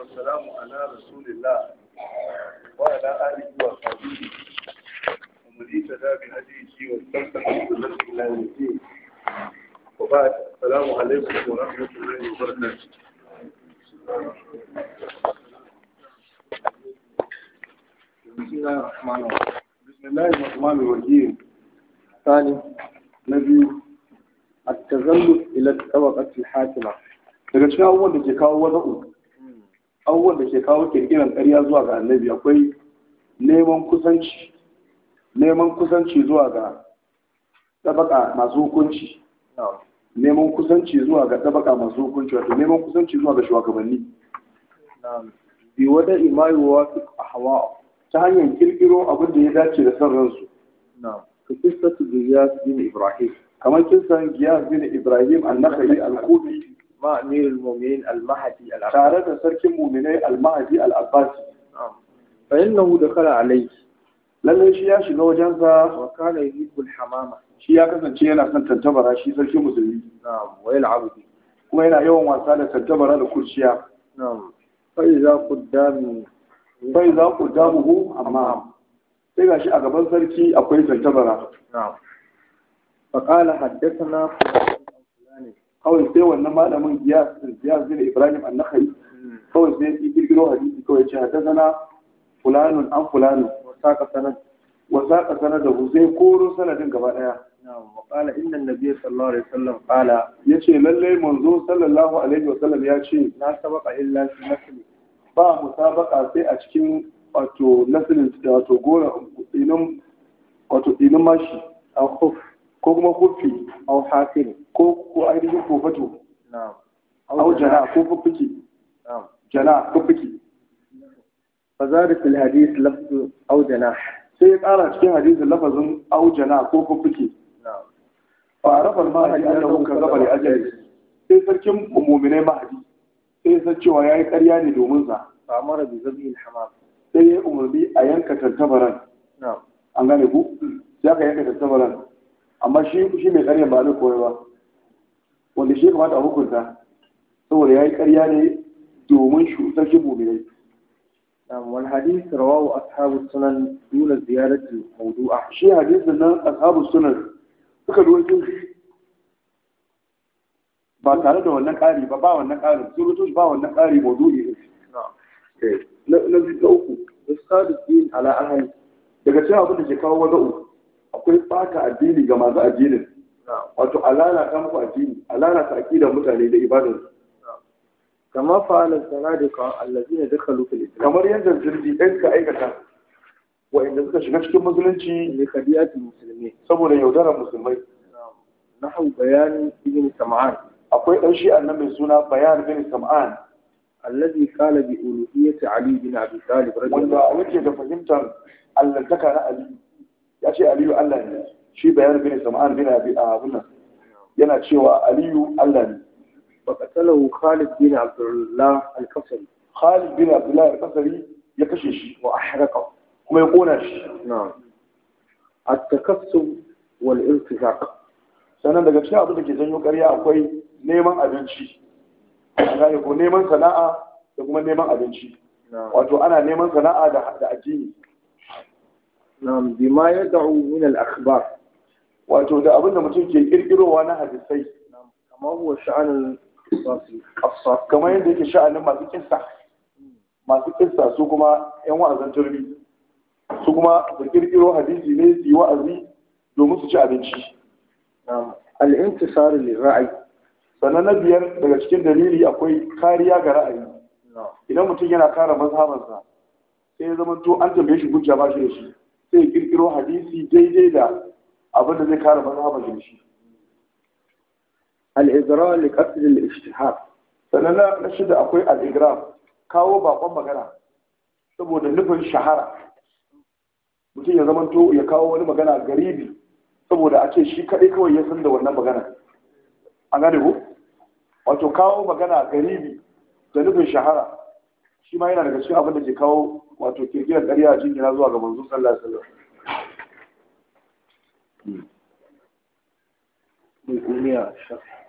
والسلام على رسول الله وعلى آله وصحبه ومن اهتدى بهديه واستمسك بسنته إلى يوم الدين وبعد السلام عليكم ورحمة الله وبركاته بسم الله الرحمن الرحيم بسم الله الرحمن الرحيم ثاني نبي التغلب إلى الطبقة الحاكمة daga cikin abubuwan da ke kawo wada'u abubuwan da ke kawo kirkiran ƙarya zuwa ga annabi akwai neman kusanci neman kusanci zuwa ga tabaka masu hukunci neman kusanci zuwa ga tabaka masu hukunci wato neman kusanci zuwa ga shugabanni bi imayowa su a hawa ta hanyar kirkiro abin da ya dace da son ransu na'am Ibrahim kamar kissan Giyas bin Ibrahim an-Nakhai al ma amirul mu'minin al-mahdi al abbas tare da sarkin mu'minai al-mahdi al abbas fa innahu dakala alayhi lalle shi ya shiga wajen sa wa kana yibul hamama shi ya kasance yana son tantabara shi sarkin musulmi na'am wa yal'abu kuma yana yawan wasa da tantabara da kurciya na'am fa iza qaddamu fa iza qaddamuhu amma sai gashi a gaban sarki akwai tantabara na'am fa qala haddathana kawai sai wannan malamin ya zira ibrahim a nakari kawai sai yi girgino hadisi kawai ce haddazana fulanun an fulanun wasa ka sanar da huzai koro sanadin gaba daya kala inda nabi sallallahu alaihi wasallam kala ya ce lallai manzo sallallahu alaihi wasallam ya ce na sabaka illa fi nasli ba mu sabaka sai a cikin wato nasli da wato gora inin wato inin mashi a ko kuma kofi au hasir ko ko ainihin kofato a au jana ko fuffuki? Jana, jana Ba fa da fil hadis lafzu au jana sai ya kara cikin hadisin lafazin au jana ko fufuki na'am fa arafa al da annahu kazaba da ajali sai sarkin mu'minai mahdi sai san cewa yayi ƙarya ne domin sa fa mara bi zabi al-hamam sai ya umarni a yanka tantabaran na'am an gane ku sai aka yanka tantabaran amma shi shi mai ƙarya ba zai koya ba wanda shi kamata a hukunta saboda ya yi ƙarya ne domin cutar shi mu'minai wal hadith rawahu ashabu sunan nuna duna ziyarati mawdu'a shi hadisin nan ashabu sunan suka rawaito shi ba tare da wannan ƙari ba ba wannan ƙarin sun rutu ba wannan ƙari mawdu'i ne eh, na ta uku da sadu din ala ahli daga cikin abin da ke kawo wani uku. akwai ɓata addini ga masu addinin wato a lalata muku addini a lalata aƙidar mutane da ibadar kama fa'ala zanadika allazina dakhalu fil islam kamar yadda jirgi ɗan ka aikata wa'inda suka shiga cikin musulunci ne kadiyati musulmi saboda yaudarar musulmai Na hau bayanin ibn sam'an akwai dan shi annan mai suna bayan ibn sam'an allazi kala bi uluhiyyati ali bin abi talib radiyallahu anhu wanda yake da fahimtar allantaka na ali ya ce aliyu Allah ne shi bayan bin sam'an bin abi abin nan yana cewa aliyu Allah ne fa qatalahu Khalid bin Abdullah al kasari Khalid bin Abdullah al kasari ya kashe shi wa haraka. kuma ya kona shi na'am at-takassub wal iltizaq sannan daga cikin abin da ke janyo ƙarya akwai neman abinci ko neman sana'a da kuma neman abinci wato ana neman sana'a da addini nam bima ya da'u min al-akhbar wato da abin da mutum ke kirkirowa na hadisai kamar huwa sha'anin afsaf kamar yadda yake sha'anin masu kissa masu kissa su kuma yan wa'azan turbi su kuma da kirkiro hadisi ne su yi wa'azi domin su ci abinci al-intisar li raayi sannan na biyar daga cikin dalili akwai kariya ga ra'ayi idan mutum yana kare mazhabansa sai ya zama to an tambaye shi hujja ba shi da shi sai kirkiro hadisi daidai da abin da zai kare mazhabin shi al-izra li qasd al-ijtihad sannan na shida akwai al kawo bakon magana saboda nufin shahara mutum ya zamanto ya kawo wani magana garibi saboda a ce shi kaɗai kawai ya san da wannan magana A gane ku wato kawo magana garibi da nufin shahara shi ma yana daga cikin abin da ke kawo wato kirkirar ƙarya a jingina zuwa ga manzon sallallahu alaihi mm Mai duniya shafi.